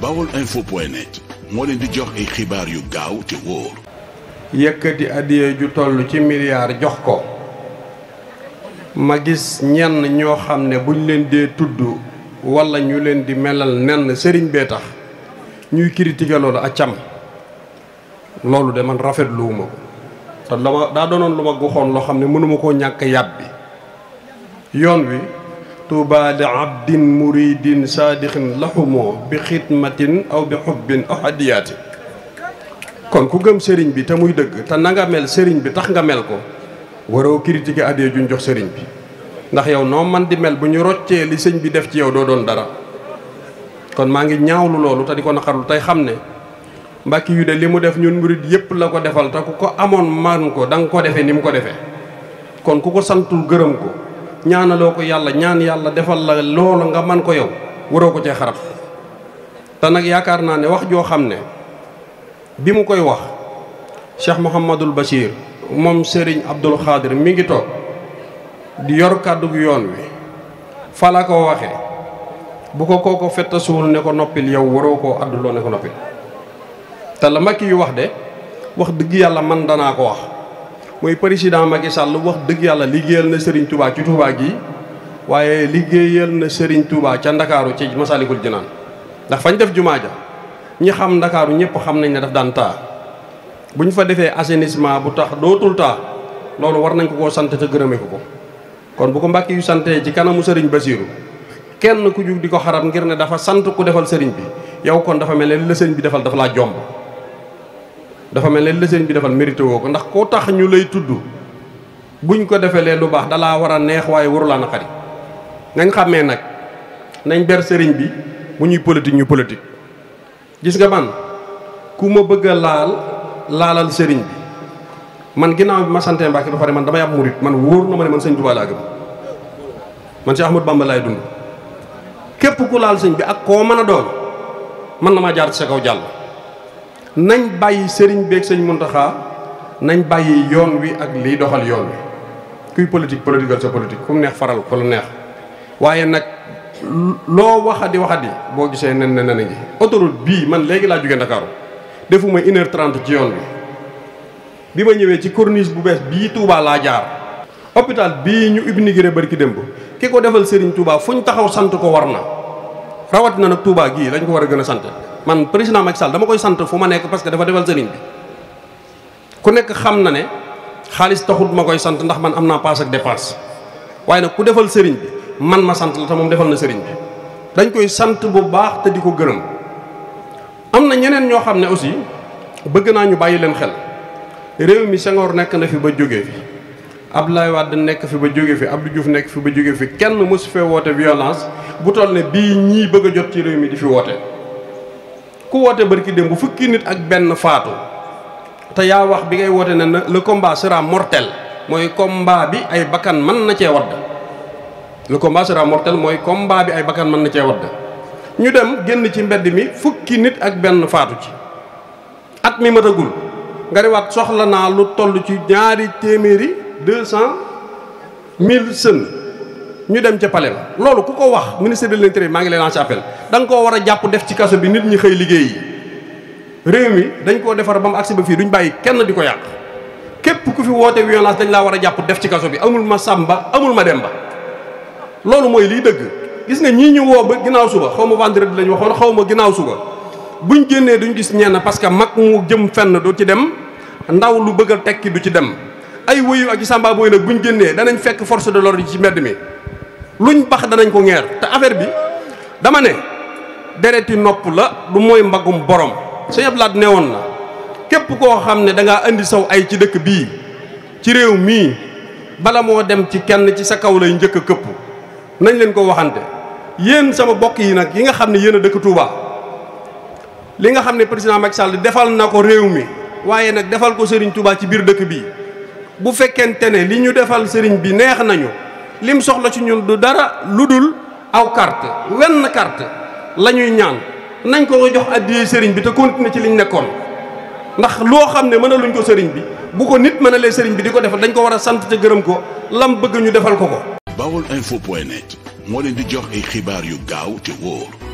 bawol ay point moo leen di jox ay xibaar yu gaaw te wóor. yëkkati addiya ju toll ci milliard jox ko. ma gis ñenn ñoo xam ne buñ leen dee tudd walla ñu leen di melal nenn sëriñ bee tax ñuy tigaloo loolu acam loolu de man rafetluwuma ko te la ma daa doonoon lu ma goxoon loo xam ne mënuma koo ñàkk bi yoon wi. tuuba li abdin muridin saadixin laxumoo bi xidmatin aw bi xubbin aw hadiyaati kon ku gëm sëriñ bi te muy dëgg te na mel sëriñ bi tax nga mel ko waroo critiquer addiya juñ jox sëriñ bi ndax yow noo man di mel bu ñu roccee li sëñ bi def ci yow doo doon dara kon maa ngi ñaawlu loolu te di ko naqarlu tey xam ne mbàkki yu de li mu def ñun murit yépp la ko defal te ku ko amoon man ko danga nga ko defee ni mu ko defee kon ku ko santul gërëm ko ñaanaloo ko yàlla ñaan yàlla defal la loolu nga man ko yow waroo ko cee xarab te nag yaakaar naa ne wax joo xam ne bi mu koy wax Cheikh Mouhamadul bashiir moom sëriñ Abdul Xaadir mi ngi toog di yor kàddu gu yoon wi fa la ko waxe bu ko kooko fettasuwul ne ko noppil yow waroo koo àdduloo ne ko noppil te la makki yu wax de wax dëgg yàlla man danaa ko wax mooy président Macky Sall wax dëgg yàlla liggéeyal na Serigne Touba ci Touba gi waaye liggéeyal na Serigne Touba ca Ndakaaru ci Masalikul Jinaan ndax fañ def jumaa ja ñi xam Ndakaaru ñëpp xam nañ ne daf daan taa bu ñu fa defee assainissement bu tax dootul taa loolu war nañ ko koo sant te gërëme ko ko kon bu ko mbàkki yu santee ci kanamu Serigne Basiiru kenn ku jug di ko xarab ngir ne dafa sant ku defal Serigne bi yow kon dafa mel ne li la Serigne bi defal dafa laa jomb dafa mel ne li sëriñ bi defal mérité woo ko ndax koo tax ñu lay tudd buñ ko defee lee lu baax dalaa war a neex waaye warulaa naqari nañ xàmmee nag nañ ber sëriñ bi bu ñuy politique ñu politik gis nga man ku ma bëgg a laal laalal sëriñ bi man ginnaaw bi ma sante Mbàkke ba pare man damay am murit man wóor na ma ne man sëñ Tuubaa laa gëm man si Ahmadu Bamba laay dund képp ku laal sëñ bi ak koo mën a doon mën na maa jaar ci sa kaw jàll nañ bàyyi sëriñ beeg sëñ Muntaxa nañ bàyyi yoon wi ak liy doxal yoon wi kuy politique politique sa politique ku neex faral ku la neex waaye nag loo waxadi waxadi boo gisee nen ne nen ngi autoroute bii man léegi laa jógee Ndakaaru defuma une heure trente ci yoon bi bi ma ñëwee ci corniche bu bees bii Touba laa jaar hôpital bii ñu inauguré barki démb ki ko defal sëriñ Touba fu ñu taxaw sant ko war na rawat na nag Touba gii dañ ko war a gën a sante man président Macky Sall dama koy sant fu ma nekk parce que dafa defal sëriñ bi ku nekk xam na ne xaalis taxul ma koy sant ndax man am naa paas ak dépense waaye nag ku defal sëriñ bi man ma sant la te moom defal na sëriñ bi dañ koy sant bu baax te di ko gërëm am na ñeneen ñoo xam ne aussi bëgg naa ñu bàyyi leen xel réew mi Senghor nekk na fi ba jógee fi Abdoulaye Wade nekk fi ba jóge fi ab Abdou Diouf nekk fi ba jóge fi kenn mosu fee woote violence bu toll ne bii ñii bëgg jot ci réew mi di fi woote ku woote ki démb bu fukki nit ak benn faatu te yaa wax bi ngay woote ne na le combat mortel mooy combat bi ay bakkan mën na cee wadd le combat sera mortel mooy combat bi ay bakkan mën na cee wadd ñu dem génn ci mbedd mi fukki nit ak benn faatu ci at mi matagul nga soxla naa lu toll ci ñaari téeméeri deux cent mille sën ñu dem ca pale ba loolu ku ko wax ministre de l'intérieur maa ngi leen lancé appel da nga koo war a jàpp def ci kaso bi nit ñi xëy liggéey yi réew mi dañ koo defar ba mu agsi ba fii duñ bàyyi kenn di ko yàq képp ku fi woote violence dañ laa war a jàpp def ci kaso bi amul ma sàmba amul ma demba loolu mooy liy dëgg gis nga ñii ñu woo ba ginnaaw suba xaw ma vendredi lañ waxoon xaw ma ginnaaw suba buñ génnee duñ gis ñenn parce que mag mu jëm fenn du ci dem ndaw lu bëgg tekki du ci dem ay wëyu ak i sàmba booy nag buñ génnee danañ fekk force de l'ordre yi ci mbedd mi luñ bax danañ ko ngeer te affaire bi dama ne dereti nopp la du mooy mbagum borom sëñ Abdou Lahad ne woon na képp koo xam ne da ngaa indi saw ay ci dëkk bii ci réew mii bala moo dem ci kenn ci sa kaw lay njëkk këppu këpp nañ leen ko waxante yéen sama bokk yi nag yi nga xam ne yéen a dëkk Touba li nga xam ne président Macky sàll defal na ko réew mi waaye nag defal ko sëriñ Touba ci biir dëkk bii bu fekkente ne li ñu defal sëriñ bi neex nañu lim soxla ci ñun du dara lu dul aw carte wenn carte la ñuy ñaan nañ ko jox addiyee sëriñ bi te continuer ci liñ nekkoon ndax loo xam ne mënaluñ ko sëriñ bi bu ko nit mënalee sëriñ bi di ko defal dañ ko war a sant te gërëm ko lam bëgg ñu defal ko ko. Baol info point net moo leen di jox ay xibaar yu gaaw te wóor.